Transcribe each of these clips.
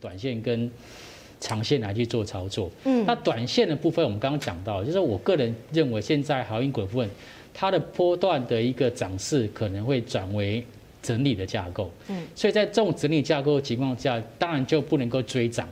短線跟長線來去做操作，嗯，那短線的部分我們剛剛講到，就是我個人認為現在航運股的部分，它的波段的一個漲勢可能會轉為整理的架構，嗯，所以在這種整理架構的情況下，當然就不能夠追漲，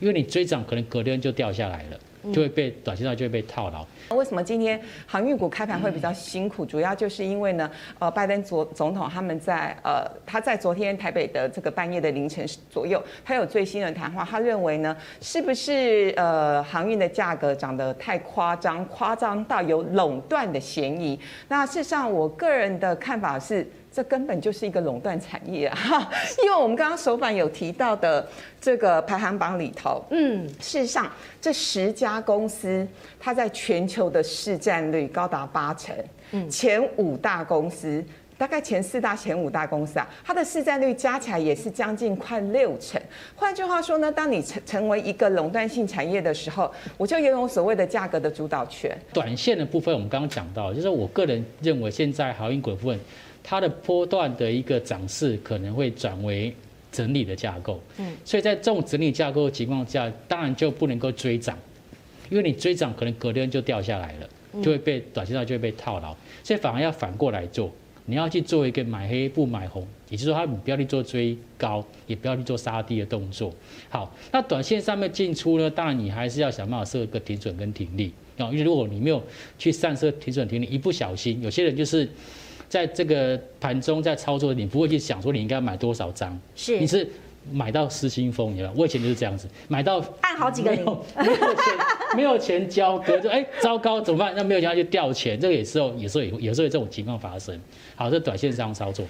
因為你追漲可能隔天就掉下來了。就會被短線上就會被套牢，嗯。那為什麼今天航運股開盤會比較辛苦？主要就是因為呢，呃，拜登總總統他們在呃他在昨天台北的這個半夜的凌晨左右，他有最新的談話，他認為呢，是不是呃航運的價格漲得太誇張，誇張到有壟斷的嫌疑？那事實上，我個人的看法是。這根本就是一個壟斷產業啊！因為我們剛剛手板有提到的這個排行榜裡頭，嗯，事實上這十家公司，它在全球的市占率高達八成，嗯，前五大公司。大概前四大、前五大公司啊，它的市佔率加起來也是將近快六成。換句話說呢，當你成成為一個壟斷性產業的時候，我就擁有所謂的價格的主導權。短線的部分，我們剛剛講到，就是我個人認為現在航運股部分，它的波段的一個漲勢可能會轉為整理的架構。嗯，所以在這種整理架構的情況下，當然就不能夠追漲，因為你追漲可能隔天就掉下來了，就會被短線上就會被套牢，所以反而要反過來做。你要去做一個買黑不買紅，也就是說，他不要去做追高，也不要去做殺低的動作。好，那短線上面進出呢？當然，你還是要想辦法設一個停損跟停利啊，因為如果你沒有去善設停損停利，一不小心，有些人就是在這個盤中在操作，你不會去想說你應該要買多少張，是你是，是。買到失心瘋，你知道嗎？我以前就是這樣子，買到按好幾個零，沒有錢， 沒有錢交割，就哎糟糕，怎麼辦？那沒有錢去掉錢，這個也是有時候，有時候有，有時候有這種情況發生。好，這短線上操作，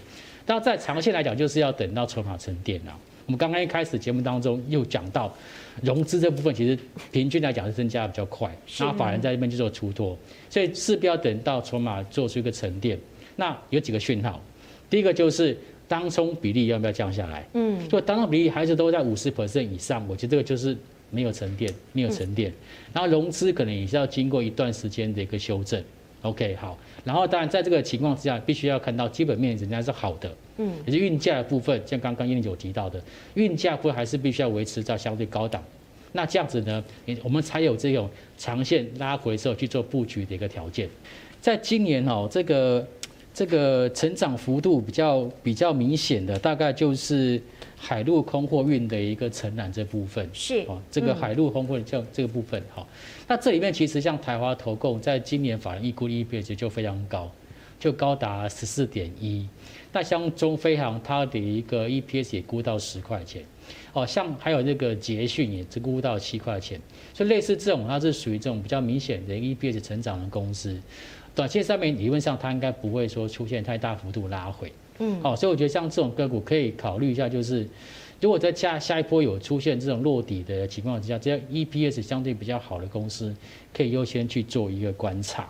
但在長線來講，就是要等到籌碼沉澱了。我們剛剛一開始節目當中又講到，融資這部分其實平均來講是增加的比較快，然後法人在這邊就做出脫，所以勢必要等到籌碼做出一個沉澱。那有幾個訊號，第一個就是。當沖比例要不要降下來？嗯，所以當沖比例還是都在五十 percent 以上，我覺得這個就是沒有沉澱，沒有沉澱。然後融資可能也是要經過一段時間的一個修正。OK，好。然後當然在這個情況之下，必須要看到基本面仍然是好的。嗯，也是運價的部分，像剛剛燕俐姐有提到的，運價部分還是必須要維持在相對高檔。那這樣子呢，我們才有這種長線拉回之後去做布局的一個條件。在今年哦、喔，這個。這個成長幅度比較比較明顯的，大概就是海陸空貨運的一個承攬這部分。是，哦、嗯，這個海陸空貨運這這個部分，好。那這裡面其實像台驊投控，在今年法人預估 EPS 就非常高，就高達十四點一。那像中菲行，它的一個 EPS 也估到十塊錢。哦，像還有這個捷迅也只估到七塊錢。所以類似這種，它是屬於這種比較明顯的 EPS 成長的公司。短線上面理論上它應該不會說出現太大幅度拉回，嗯，好，所以我覺得像這種個股可以考慮一下，就是如果在下下一波有出現這種落底的情況之下，只要 EPS 相對比較好的公司，可以優先去做一個觀察。